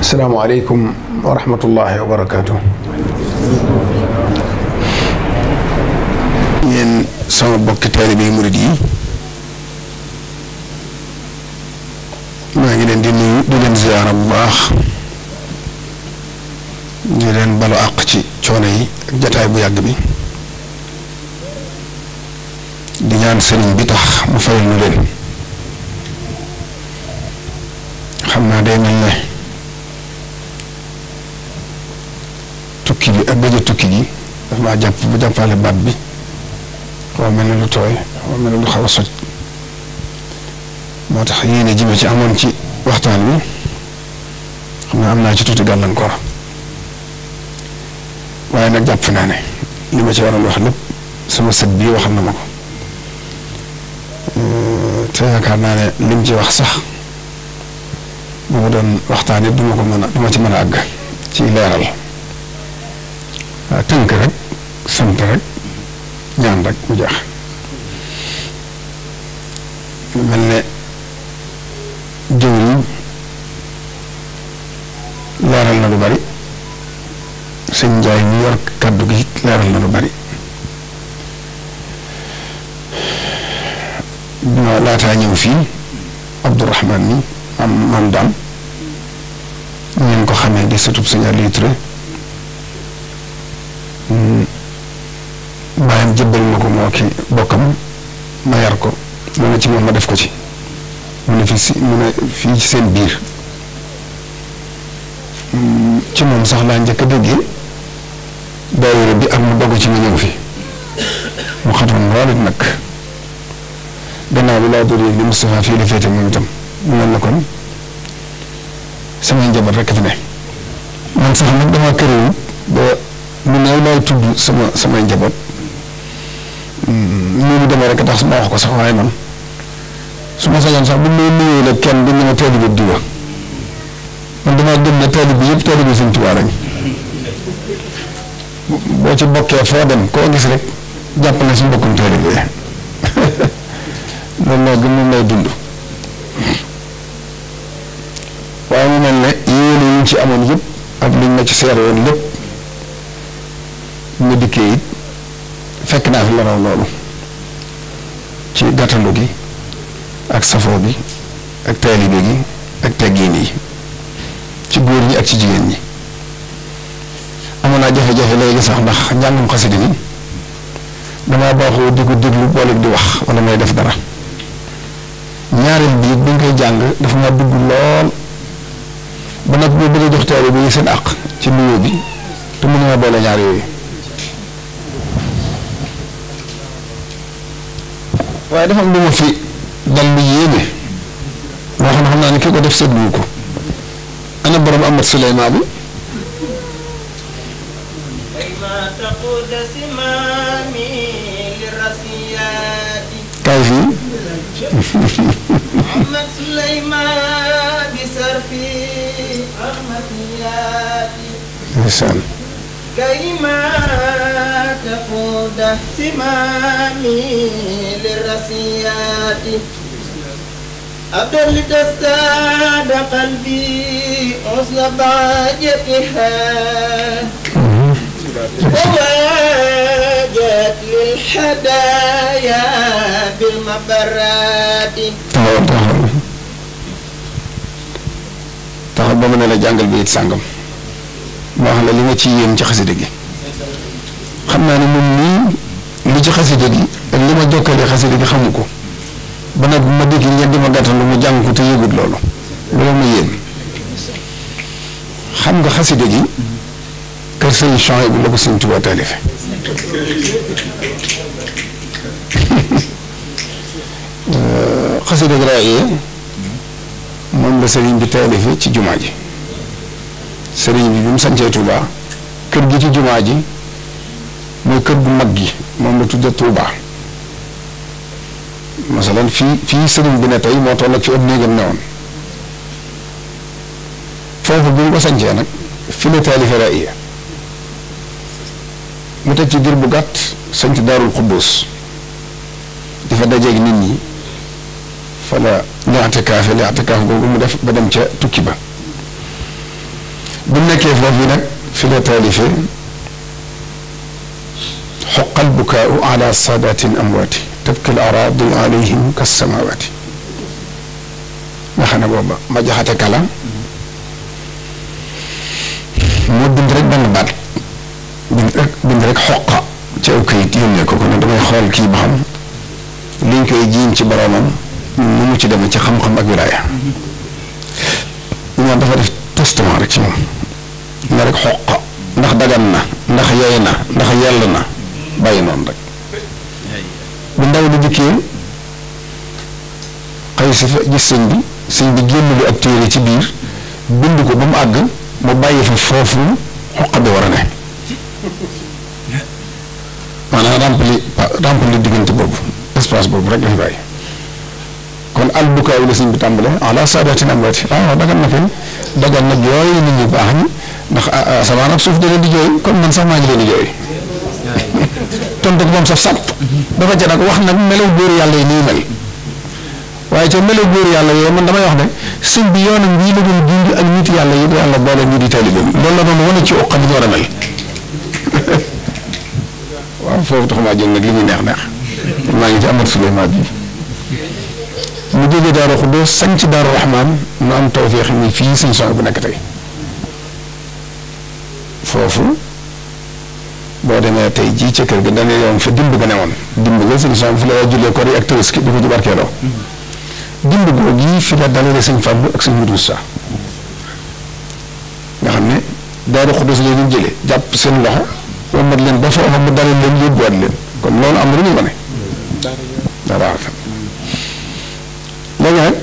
asalaamaaleykum wa rahmatullahi wa barakaatu. ñeen sama bokki taalibe yi murid yi maa ngi leen di nuyu leen ziyaara bu baax di leen balu àq ci coono yi ak jataay bu yàgg bi di ñaan sëriñ bi tax mu fayal ñu leen xam naa day mel ne ki bi ak bëj tukki gi daf maa jàpp bu jàppale baat bi xaw mel ni lu tooy xaw mel ne lu xaw a soj moo tax yéene ji ci amoon ci waxtaan wi xam naa am naa ci tuuti gàllankoor waaye nag jàpp naa ne li ma ci waroon wax lépp sama sët bii waxal na ma ko euh, te yaakaar naa ne lim ci wax sax bu mu doon waxtaan it du ma ko mën a du ci mën a àgg ci leeral. Ah, tënk rek sant rek ñaan rek mu jeex mel ne jëwriñ leeral na lu bari sëñ Njaay mu yor kàddu gi it na lu bari ñoo ñëw fii Abdourahman ni am maam daam ñu ko xamee di sëtub sëñ Aliou Touré bàyyam jébbal na ko moo ki bokkam ma yar ko mu ne ci moom ma def ko ci mu ne fi si mu ne fii seen biir mm, ci moom sax laa njëkk a déggee daayira bi ak mu dogu ci ma ñëw fi mu xatoon loolu nag gannaaw bi laa doon yëg ni Moustapha fii la féete moom itam mu mel na kon samay njaboot rekk fi ne man sax nag damaa kër ba mu néew laay tudd sama samay njaboot loolu demee rek tax ma wax ko sax waaye man su ma sañoon sax bu ma nuyoo la kenn du ñu ne taalibe bi diwa man damaa gëm ne taalibe bi yëpp taalibe bi Sëñ Tuubaa boo ci bokkee foo dem koo gis rek jàpp na si mbokkum taalibe bi loolu laa gëm dund waaye mu mel ne yéene yi ñu ci amoon yëpp ak liñ ma ci seer woon lépp mu dikkee it fekk naa fi laraw loolu ci gàttalu gi ak safoo bi ak taalibe gi ak teggiin yi ci góor ñi ak ci jigéen ñi amoon naa jafe-jafe léegi sax ndax njàngum xasida ni damaa baaxoo di ko déglu di wax wala may def dara ñaareel bi it bi koy jàng dafa ma dugg lool ba nag boo bëggee jox taalibe yi seen àq ci nuyoo bi te mën nga boole ñaar yooyu waaye dafa am lu ma fi dal lu yéeme loo xam xam ki ko def seetlu ko ana borom Amat Suleymaan bi kaay fii. ndeysaan كيما تقود اهتمامي للرسيات أبدا لتستاد قلبي حسن ضاجتها وواجت للحدايا بالمبرات taxaw ba mu ne la jàngal bi it sàngam ma wax la li nga ci yéem ci xasida gi xam naa ne moom nii li ci xasida gi ak li ma jokkalee xasida gi xamu ko ba nag ma dégg ngeen di ma gàttal lu mu jàng ko te yëgut loolu loolu ma yéem xam nga xasida gi kër sëñ Chouaïbou bi la ko sëñ Tuubaa taalife xasida gi raayee moom la sëriñ bi taalife ci jumaa ji sëriñ bi bi mu sancee Touba kër gi ci jumaa ji mooy kër gu mag gi moom la tudde Touba masalan fii fii sëriñ bi ne tey moo toll ak fi ab néegam newoon foofu bi mu ko sancee nag fi la taalife raaya mu teg ci diir bu gàtt sanc daarul xubboos di fa dajeeg nit ñi fa la ñaate kaafe ñaate mu def ba dem ca tukki ba bu nekkee foofu nag fi la taalifee xoqal bukaau ala saadatin amwaati tabkil araadi alayhim kas samawaati nga xam ne booba ma jaxate kala moo bind rek benn baat bind rek bind rek xoqa ci aw kayit yónnee ko ko ne damay xool kii ba xam liñ koy jiiñ ci boroomam nu mu ci demee ci xam-xam ak wilaaya ñoom dafa def testament rek ci moom nga xoq ndax dagan na ndax yey na ndax yell na bàyyi noonu rek bu ndaw li dikkee xëy fa gis sëñ bi sëñ bi génn lu ab téere ci biir bind ko ba mu àgg mu bàyyi fa foofu xoq bi war a ne maanaam rempli rempli diggante boobu espace boobu rek la fi bàyyi kon al bukaaw la sëñ bi tàmbale ala saadatin amwaati ah dagan na fi dagan na jooy nit ñi baax ñi ndax asamaan ah, ak ah, suuf da leen di kon man sax maa ngi leen di jooy moom sax sàpp dafa ca nag wax nag melaw góor yàlla yi waaye ca melaw góor yàlla yooyu man damay wax ne sëñ bi yoonam bii la doon dund boole ñu di taalibeem loolu la doon wane a mel waaw foofu tax maa jël nag li muy neex neex maa ngi ci amat suleymaan bi mu jógee Daaru Xuddoos sanc Daaru Raxmaan mu am tawféex mi fii sëñ Sohaybu bu nekk tey foofu boo demee tey jii ca kër gi dana yoon fa dimb ga ne woon dimb ga sëñ Sohaybu fi la daa jullee koor yi ak Tabaski di ko ci barkeeloo dimb googu fi la dalalee sëñ Fàllu ak sëñ Mudu Musaa nga xam ne Daaru Xuddoos la ñu jëlee jàpp seen loxo womat leen ba foofa mu dalal leen yóbbuwaat leen kon loolu am na lu ñu léegi nag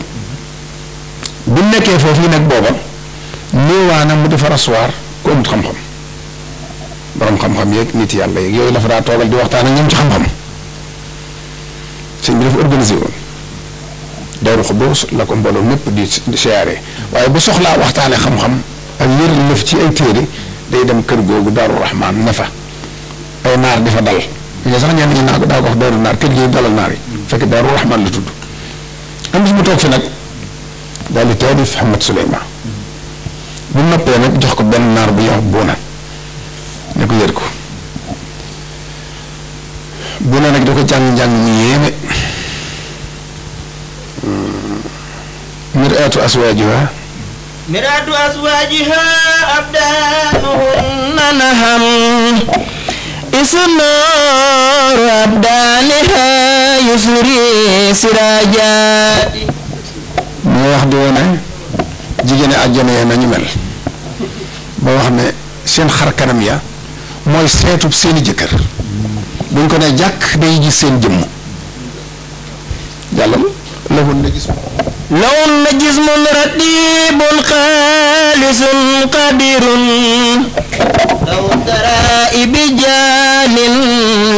bu nekkee foofu yi nag booba néewaana mu dafa rasuwaar ku amut xam-xam borom xam-xam yeeg nit yàlla yeeg yooyu dafa daa toogal di waxtaan ak ñoom ci xam-xam sëñ bi dafa organisé woon dawru xubóos la ko waaye bu soxlaa waxtaane xam ak yër lëf ci ay téere day dem kër googu daaru rahmaan ne fa ay naar di fa dal ñoo sax ñenn ñi naa ko daa ko wax daaru naar kër gi dalal naar yi fekk daaru rahmaan la tudd am bis mu toog fi nag daal di taalif Ahmad Souleymane bu noppee nag jox ko benn naar bu yox buuna ne ko yër ko buuna nag da jàng-jàng mu yéeme aswaajiha mir'atu aswaajiha abdaanuhunna naham isna ربانها يسري سراجا moo wax di woon jigéen àjjana ya nañu mel ba wax ne seen xar kanam ya mooy seetub seeni jëkkër buñ ko ne jàkk day gis seen jëmm yàlla la woon na gis لهن جسم رتيب خالص قدير لو ترى بجان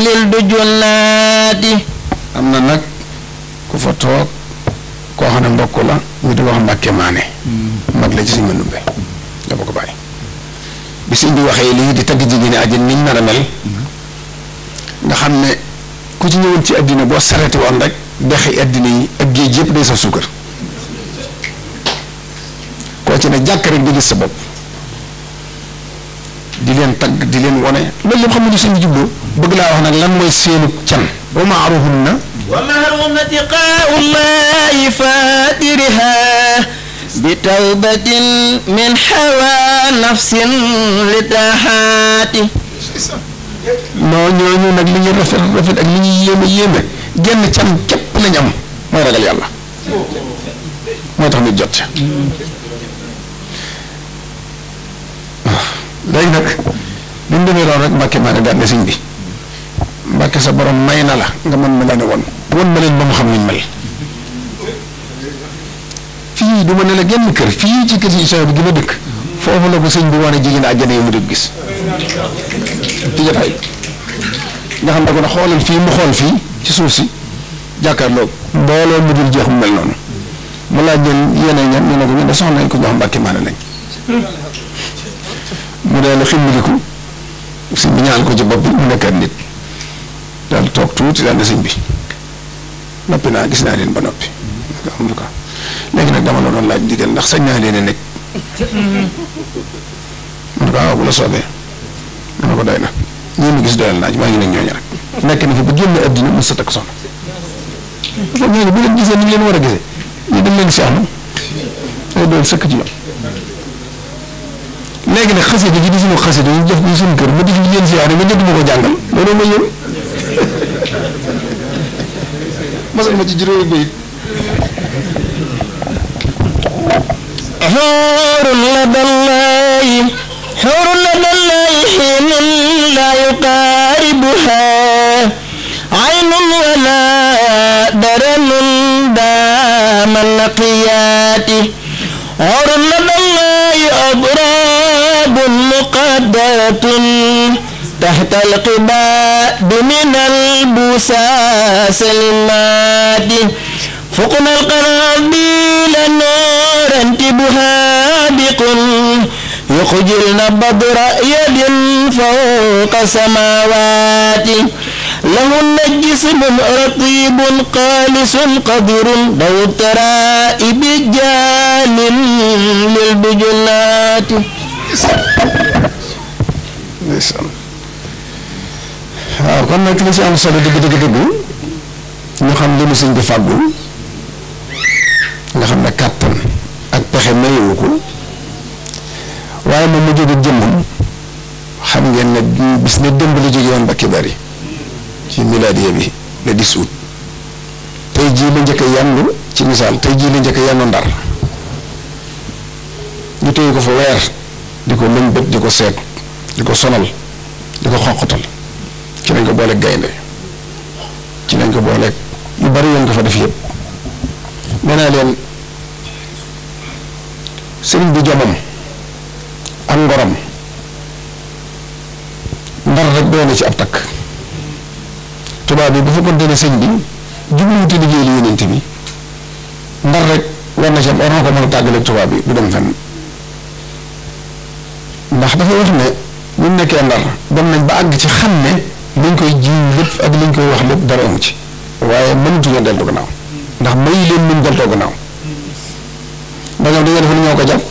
للدجنات am na nag ku fa toog koo xam ne mbokk la ñu di ne Mbàkke Maane mag la ci suñu mënumbe dafa ko bàyyi bi suñ bi waxee lii di tagg jigéen ñi àjjana niñ nar a mel nga xam ne ku ci ñëwoon ci àddina boo sareti woon rek dexi àddina yi ak géej yëpp day sa suukar ci ne jàkk rek di gis sa bopp di leen tagg di leen wone loolu yëpp xam nga bëgg laa wax nag lan mooy seenu can wa maaruhunna wa mahruna tiqaau llahi fatiriha bi tawbatin li taxaati rafet rafet ak li ñuy yéeme yéeme genn can képp lañ am mooy ragal yàlla moo tax ñu jot léegi nag bi mu demee loolu rek mbàkke maa ne sëñ bi mbàkke sa borom may na la nga mën ma leen a won won ma leen ba mu xam niñ mel fii du ma ne la genn kër fii ci kër si isaaw bi gi ma dëkk foofu la ko sëñ bi wane jigéen àjjana yi mu dul gis ci jotaay nga xam ne ko ne xoolal fii mu xool fii ci suuf si jàkkaarloo mbooloo mu dul jeex mu mel noonu mu laa leen yéen a ñan ñu ne ko ñu ne soxna ko ñoo xam mbàkke maa mu daal di ximmiliku sëñ mu ñaan ko ci bopp bi mu nekkaat nit daal di toog tuuti daal di sëñ bi noppi naa gis naa leen ba noppi. en tout cas nag dama la laaj ndigal ndax sañ naa leen a nekk. en tout cas waaw bu la soobee. ma ne ko doy gis doyal laaj maa ngi nekk ñooñu rek. nekk na fi ba génn àddina mos a bu leen gisee ni leen war a gisee ñu dem sëkk ci ñoom. léegi nag xasida ji di suñu xasida ñu def ñu suñu kër ba di ci yéen siyaare ba ñëpp ma ko jàngal loolu ma yéen masal ma ci juróomi bayit xóorul la dallaayi xóorul la dallaayi xiinun laa yuqaaribuhaa aynun walaa daranun daama naqiyaati xóorul la dallaayi abraa بلاد مقدرة تحت القباب من البساس المادي فوقنا القرابيل نورا انتبها بقل يخجلنا بدر يد فوق سماوات لهن جسم رطيب قالس قدر ضوء الترائب جال للبجلات waaw kon nag li ci mu solo dëgg dëgg dëgg ñu xam li mu sëñ bi nga xam ne kàttan ak pexe mayewu ko waaye moom mu jóge jëmmam xam ngeen ne bis ne dëmb la jóge woon Mbàkke Bari ci milaadiya bi le 10 tey jii la njëkk a yandu ci misaal tey jii la njëkk a yandu ndar ñu téye ko fa weer ko lëmbët di ko seet di ko sonal di ko xoqatal ci lañ ko booleeg gaynde ci lañ ko booleeg yu bari yoon ko fa def yëpp nee naa leen sëriñ bi jomam ak ngoram ndar rek doone ci ab takk tubaab bi bu fekkoon dene sëñ bi jubluwute liggéey li yonent bi ndar rek war na ci am war na ko mën a tubaab bi du dem fenn ndax dafa wax ne bu nekkee ndar dem nañ ba àgg ci xam ne liñ koy jiw lépp ak liñ koy wax lépp dara amu ci waaye mënatuñoo dellu gannaaw ndax mayu leen mën deltoo gannaaw da nga da nga def ñoo ko jàpp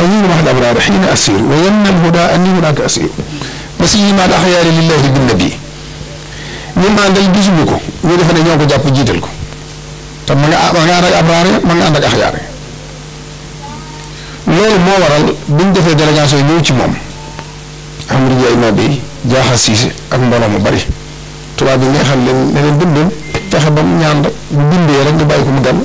awilu mahal abraar xiina asir wa yanna alhuda anni hunaka asir masiimaat axyaari lillahi binnabi ñun àndal gisuñu ko ñu defe ne ñoo ko jàpp jiital ko te ma nga ma nga ànd ak abraar ma nga ànd ak axyaar loolu moo waral bi ñu defee délégation yi ñëw ci moom Amadou Ndiaye Mbaye jaaxa siis ak mbooloo mu bari tubaab bi nga xam ne ne leen bindoon fexe ba mu ñaan rek bindee rek nga bàyyi ko mu gan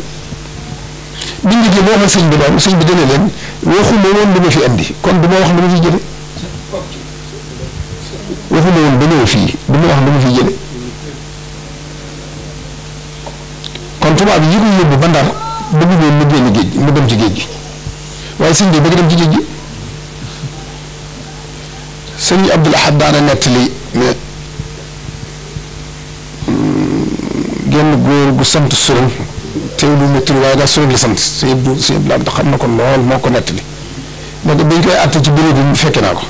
sëñ bi doon sëñ bi dana leen waxuma woon dama fi andi kon du ma wax dama fi jële waxuma woon ba ñëw fii du ma wax dama fi jële kon tubaab yi ko yóbbu ba ndar ba bëggoon mu génn géej mu dem ci géej gi. waaye sëñ bi bëgg dem ci géej gi sëñ Abdul Ahad daana nettali ne mm, genn góor gu sant Sourang teewlu métti waaye daal Sourang la sant sëñ Abdou sëñ Abdou Ahad xam na ko lool moo ko nettali mais de ci bureau bi mu fekke naa ko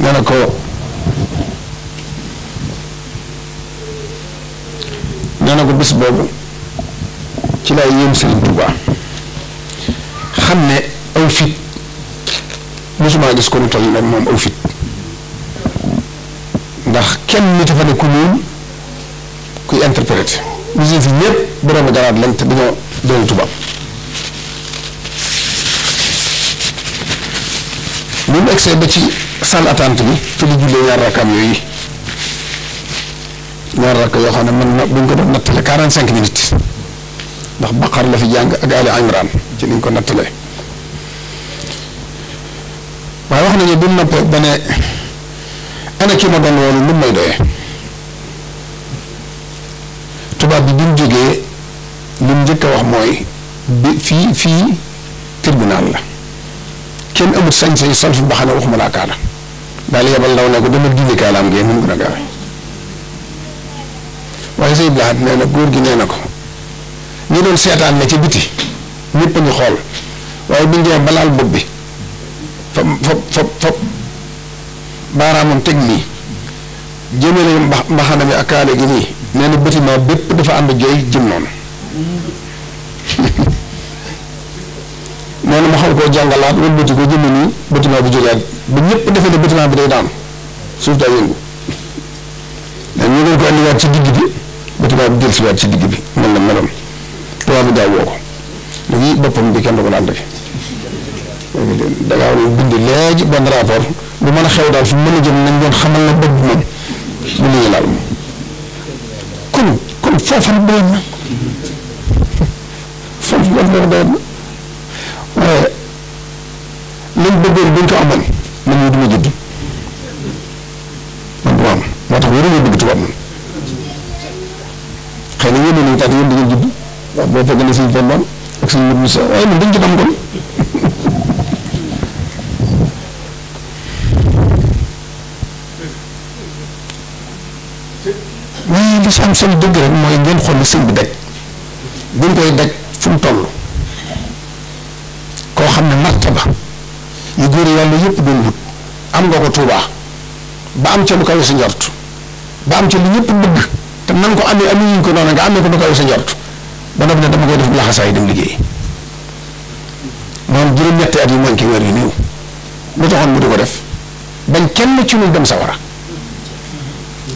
nee ko nee na ko xam ne aw fit mosuma gis ko nu toll nag moom aw fit ndax kenn nit fa ne ku ñuul kuy interpréter musée fi ñëpp borom garaat lañ te dañoo doon tubaab bu mu egsee ba ci salle attente bi te di jullee ñaar rakkaam yooyu ñaar rakk yoo xam ne man na bu ñu ko doon nattale quarante cinq minutes ndax baqar la fi jàng ak Ali Imran ci niñ ko nattalee waaye wax nañu bu noppee ba ne ana ki ma doon woolu lu may doyee tubaab bi bi mu jógee lu mu njëkk wax mooy bi fii fii tribunal la kenn amut sañ-sañ salf mbaxane waxuma laa kaala daal yebal ndaw ne ko dama julli kaalaam ngeen mun ko na gaawe waaye Seydou Lahad nee na góor gi nee na ko ñu doon seetaan ne ci biti ñëpp a ñu xool waaye bu ñu balaal bopp bi fop fop fop fop baaraamam teg nii jëmale mbaxana mi ak kaale gi nii nee na bépp dafa ànd jooy jëm noonu nee na ma xam koo jàngalaat wala bëti ko jëme nii bâtiment bu jógaat ba ñëpp defe ne bâtiment bi day daan suuf daa yëngu nee ñu ngeen ko andiwaat ci digg bi bâtiment bi dellusiwaat ci digg bi mën na meloon tubaab bi daa woo ko lii boppam bi kenn ko daal def da ngaa war a bind léegi benn rapport bu mën a xew daal fu mën a jëm nañ doon xamal na bopp moom bu lii laal moom ko man mii am moo tax waruñu bëgg tubaab man xëy na yéen a ngi tànn yéen da ngeen judd waaw boo fekk ne suñu fan dañ ci dam kon waaye li si am dëgg mooy ngeen xool si sëñ bi daj bu ñu koy daj fu mu koo xam ne martaba mu góor yàlla yëpp doon wut am nga ko tuubaa ba am ca lu kawe sa njort ba am ca lu ñëpp bëgg te nan ko amee amuñu ko noonu nga amee ko lu kawe sa njort ba noppi ne dama koy def laxasaay dem liggéey moom juróom-ñetti at yi mooy ki weer yu néew lu taxoon mu di ko def bañ kenn ci ñun dem sawara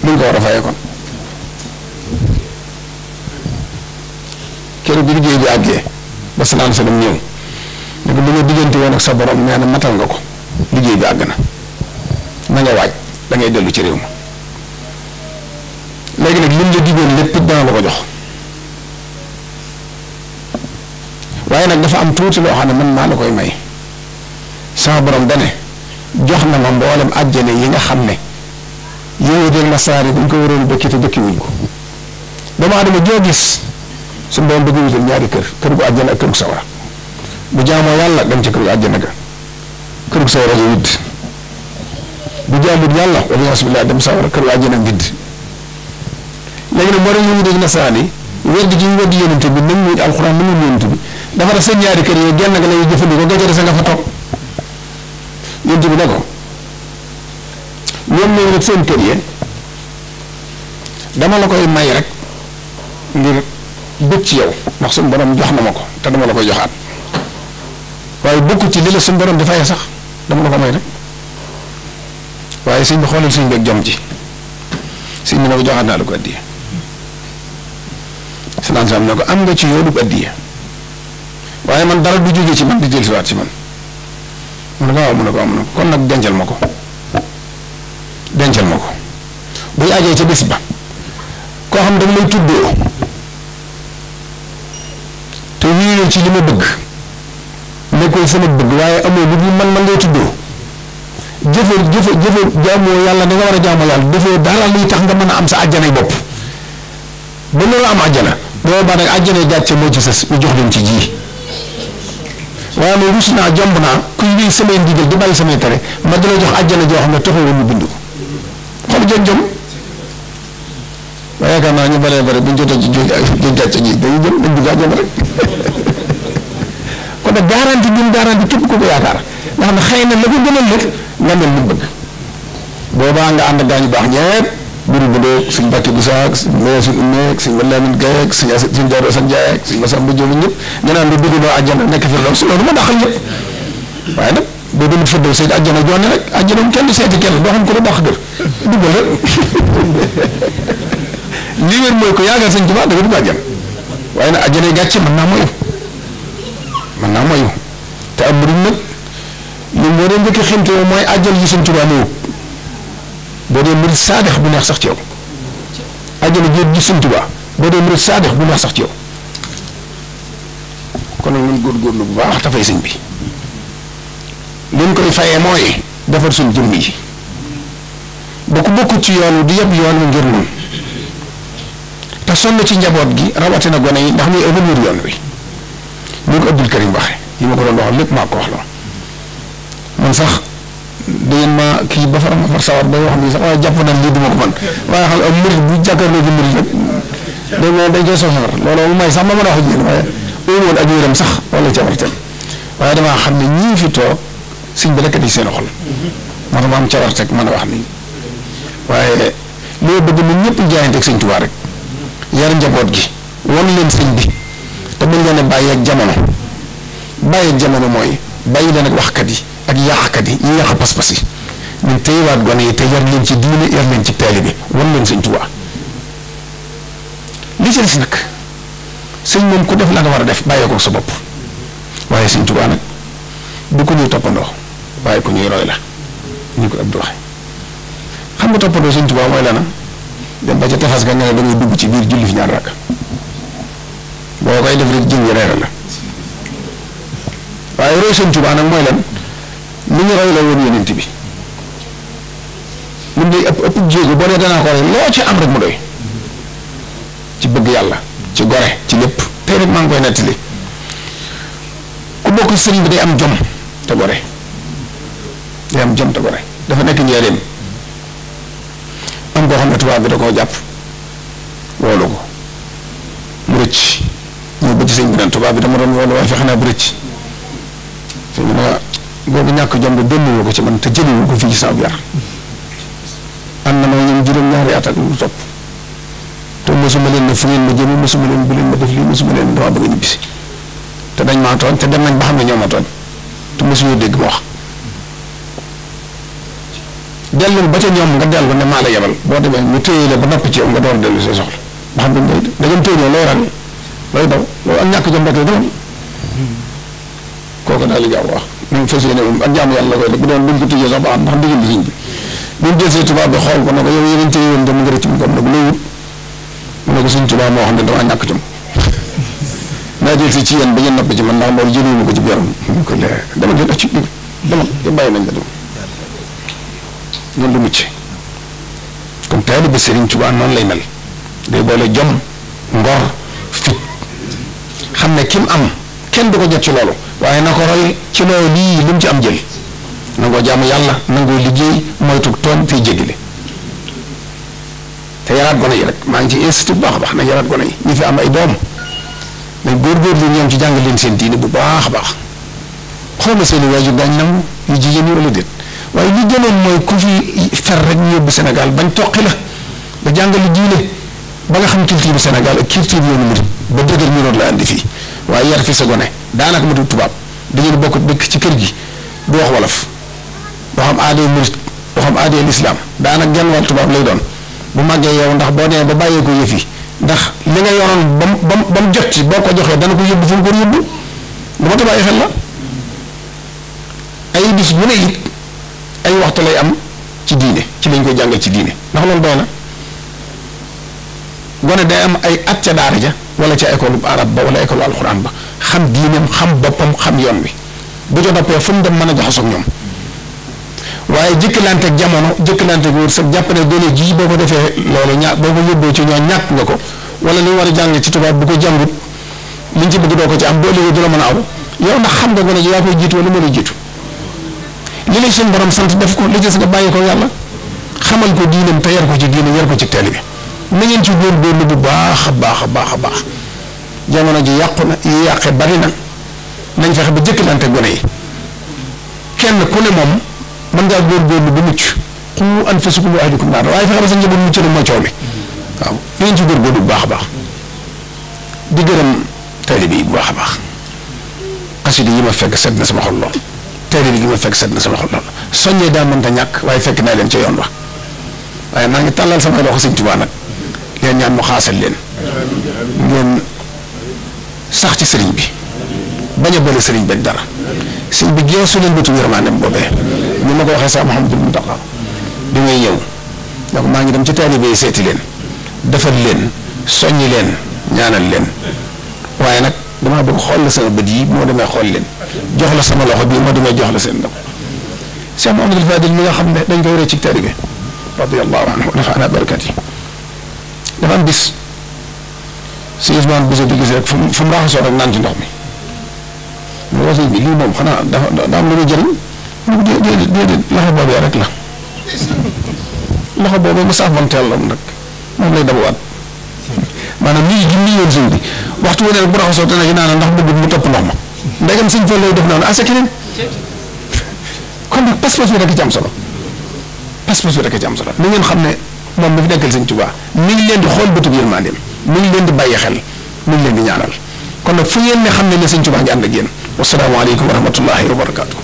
lu ñu ko war a fayee bi liggéey bi àggee ba sanaan sa dem ñëw ne ko dañoo woon ak sa borom nee na matal nga ko liggéey bi àgg na na nga waaj da dellu ci réew ma léegi nag lim la diggoon lépp dana la ko jox. waaye nag dafa am tuuti loo xam ne man maa la koy may sama borom dane jox na ma mboolem àjjane yi nga xam ne yooyu del nasaari buñ ko waroon dëkki te dëkki wuñ ko doomu aadama joo gis suñu borom bëgg wutal ñaari kër kër gu àjjana ak kër gu sawara bu jaamoo yàlla dem ci kër gu àjjana ga kër gu sawara ga widd bu jaamut yàlla wala yasubillah dem sawara kër gu àjjana widd léegi nag moo doon yëngu dégg nasaani wedd gi ñu wedd yonente bi nañ ñu alxuraan nañ ñu yonente bi dafa def sa ñaari kër yooyu genn nga lay jëfandikoo nga jëriñ sa nga fa toog ñun ne ko ñoom seen kër yi dama la koy may rek ngir bëgg ci yow ndax suñu borom jox na ma ko te dama la koy joxaat waaye bokku ci li la suñu borom di sax dama la ko may rek waaye suñ bi xoolal suñ beeg jom joxaat naa la ko addiya. si naan am na ko am nga ci yoonu addiya. waaye man dara du jógee ci man di dellusiwaat ci man mu ne ko waaw mu ne ko am na kon nag dencal ma ko dencal ma ko bu ñu ajee ca bés ba koo xam dañ lay tuddoo te wéeroo ci li ma bëgg nekkul sama bëgg waaye amoo lu dul man man ngay tuddoo jëfe jëfe jëfe jaamoo yàlla da nga war a jaamoo yàlla defoo dara luy tax nga mën a am sa àjjanay bopp ba loolu am àjjana booba nag àjjanay gàcce moo ci sës mu jox leen ci ji. waaye nag rus naa jomb naa kuy wéy samay ndigal di bàyyi samay tere ma dala jox àjjana joo xam ne taxul woon ñu bind ko xool jën jom waaye naa ñu bëree bëri buñ jotee ci jooju ak jooju gàcce gi dañuy jëm dañ dugg àjjana rek kon nag garanti bi mu garanti képp ko yaakaar nga xam xëy na la ko gënal lépp nga mel ni mu bëgg boobaa nga ànd gaañu baax ñëpp. groupe bu doog suñ bàcc bu saak suñ maye suñ ummeeg suñ Lamine Gaye ak suñ suñ Jaaro Asan Njaay ak suñ Masamba Jóob ñëpp ñu naan du dugg doo àjjana nekk fi doom su loolu ma dàqal ñëpp waaye nag boo demul fa doog seet àjjana joone rek àjjana kenn du seeti kenn doo xam ko lu dàq dër duggal rek li wér mooy ko yaakaar sëñ Tuubaa da nga dugg àjjana waaye nag àjjana gàcce mën naa moyu mën naa moyu te ab bu nag ñun boo doon njëkk ximte boo dee murid saadix bu neex sax ci yow àjjana jéeg ji Sëñ Tuubaa boo dee murid saadix bu neex sax ci yow kon nag ñun góorgóorlu bu baax tafay sëñ bi li ñu koy fayee mooy defar suñu jëmm yi ba ku bokkut ci yoon wi di yëpp yoon wi ngir ñun te sonn ci njaboot gi rawatina gone yi ndax ñuy évoluer yoon wi ñu ko Abdul Karim waxe yi ma ko doon waxal lépp maa ko wax lool man sax. naa kii ba fa am xar sawar day wax ni sax waaye jàpp na lii duma ko man waaye xam nga murid bu jàkkaarloo ci murid rek dañ koy soxor loolu mu may sax ma mën a ak yéen waaye loolu woon ak yéram sax wala xam ne ñii fi toog sëñ bi rek a di seen xol moo tax ma am cawarte ak mën a wax nii waaye li ma bëgg ñun ñëpp jaayanteeg sëñ Tuubaa rek yar njaboot gi wan leen sëñ bi te bañ leen a bàyyi ak jamono bàyyi ak jamono mooy bàyyi leen ak waxkat yi ak yàqkat yi ñu yàq pas-pas yi. ñu téyewaat gone yi te yar leen ci diine yar leen ci taalibe wan leen sëñ Tuubaa li ci des nag sëñ moom ku def la nga war a def bàyyee ko sa bopp waaye sëñ Tuubaa nag du ko ñuy toppandoo waaye ku ñuy roy la ñu ko Abdou waxe xam nga toppandoo sëñ Tuubaa mooy lana dem ba ci tefas ga nga ne da dugg ci biir julli fi ñaari rakk boo koy def rek jën yi reere la waaye roy sëñ Tuubaa nag mooy lan lu ñu roy la woon yonent bi ëpp ëpp ëpp jéego boo nee ci am rek mu doy ci bëgg yàlla ci gore ci lépp tey rek maa ngi koy nettali ku bokk sëriñ bi day am jom te gore day am dafa nekk njëriñ am koo xam ne tubaab bi da koo jàpp woolu ko mu rëcc ñëw ba ci sëñ bi naan tubaab bi dama doon woolu waaye fexe naa bu rëcc sëñ bi nag boobu ñàkk jom bi ko ci man te jëliwul ko fii ci sama yar ànd na ñoom juróom-ñaari at ak lu topp te mosuma leen ne fu ngeen ma jëmee mosuma leen bu leen ma def lii mosuma leen dama bëgg a te dañ maa tooñ te dem nañ ba xam ne ñoo ma tooñ te mosuñu dégg ma wax. dellul ba ca ñoom nga dellu ne maa la yebal boo demee ñu téye la ba noppi ci yow nga door dellu sa soxla xam ne day da ngeen téye loo yor loolu ak ñàkk jom rek la doon kooku daal di jaaw wax. ñu fas yéene moom ak jaamu yàlla la koy def bu doon buñ ko tijjee sax ba am ndax ndigal li sëñ bi. bu ñu jëlee tubaab bi xool ko ne ko yow yeneen téye yoon dem nga rëcc mu ko nag loolu mu ne ko suñ tubaab moo xam ne damaa ñàkk jom naa jël si ci yéen ba ngeen noppi ci man ndax loolu jëlee ma ko ci biiram mu ko lee dama gën a ci dama nañ la dem du mucc kon taalibe bi Serigne Touba noon lay mel day boole jom ngor fit xam ne kim am kenn du ko jot ci loolu waaye na ko roy ci loolu lii lu mu ci am jël. nangoo jaamu yàlla nangoo liggéey moytu tooñ tey jéggile te yaraat gone yi rek maa ngi ci institut bu baax a baax na yaraat gone yi ñu fi am ay doom mais góorgóorlu ñoom ci jàngal leen seen bu baax a baax xaw ma seen i waajur daañu nangu yu jigéen ñi wala déet waaye li mooy ku fi fer rek ñu yóbbu Sénégal bañ toqi la ba jàngali ba nga xam culture bu senegal ak culture yoonu murid ba dëgër ñu doon la indi fii waaye yar fi sa gone daanaka mu du tubaab dañu bokk dëkk ci kër gi du wax wolof. xam aaday murit waxam aaday lislaam daanaka genn wàll tubaab lay doon bu màggee yow ndax boo demee ba bàyyee ko yëf ndax li nga yoroon ba mu ba mu jot ci boo ko joxee dana ko yóbbu fu mu ko yóbbu lu ma bàyyi xel la ay bis bu ay waxtu lay am ci diine ci lañ koy jàngal ci diine ndax loolu doy day am ay at ja wala ca école arab ba wala école alxuraan ba xam diineem xam xam yoon wi bu ca noppee fu mu dem mën a jaxasoo ak ñoom. waaye jëkkalante ak jamono jëkkalante ak wërsëg jàpp ne doole ji boo ko defee loolu ña boo ko yóbboo ci ñoo ñàkk nga ko wala li war a jàng ci tubaab bu ko jàngut liñ ci bëgg doo ko ci am léegi du mën a aw yow xam nga gone ji yaa koy jiitu wala moo lay jiitu li lay seen borom sant def ko li gis nga bàyyi ko yàlla xamal ko diinam te yar ko ci diine yar ko ci teel bi na ngeen ci góorgóorlu bu baax a baax a baax a baax jamono ji yàqu na yi yàqe bari na nañ fexe ba jëkkalante gone yi kenn ku ne moom man ngaa góorgóorlu ba mucc ku anfusakum wa ahlikum naar waaye fexe ba sa njaboot mucc nag mooy coow li waaw ci góorgóorlu bu baax a baax di gërëm taalibe yi bu baax a baax xasida yi ma fekk sedd na sama xol lool taalibe ma fekk sedd na sama xol lool soññee daa mënta ñàkk waaye fekk naa leen ca yoon wa waaye maa ngi tàllal samay loxo Sëñ Tuubaa nag leen ñaan mu xaasal leen ngeen sax ci sëriñ bi bañ a boole sëriñ bi dara sëñ bi geesu leen bëtu yërmaandeem boobee ni ma ko waxee sax Mouhamadul Mountakha bi may ñëw donc maa ngi dem ci taalibe yi seeti leen defal leen soññ leen ñaanal leen waaye nag damaa bëgg xool la sama bët yi moo demee xool leen jox la sama loxo bi ma demee jox la seen loxo Cheikh Mouhamadul Fadil mi nga xam ne dañ ko rëcc ci taalibe radiyallahu anhu nafaana barakaat yi dafa am bis suñu Usmaan biso di gis rek fu mu fu raxasoo rek naan ci ndox mi mais wasa bi lii moom xanaa dafa daa am lu muy mu déedéet déedéet loxo boobee rek la loxo boobee mu saafonteel la nag moom lay dabawaat maanaam lii junni yoon sëñ bi waxtu wu ne bu raxasoo te ne naan ndax bëgg mu topp ndox ma ndegam sëñ fa lay def naan asa keneen kon nag pas rek ci am solo pas-pas bi rek ci am solo ni ngeen xam ne moom mi fi nekkal sëñ Tuubaa mi ngi leen di xool bëtub yërmandeem mu ngi leen di bàyyi xel mi ngi leen di ñaanal kon nag fu ngeen ne xam ne ne sëñ Tuubaa ngi ànd ak yéen wasalaamaaleykum wa rahmatullahi wa barakaatu.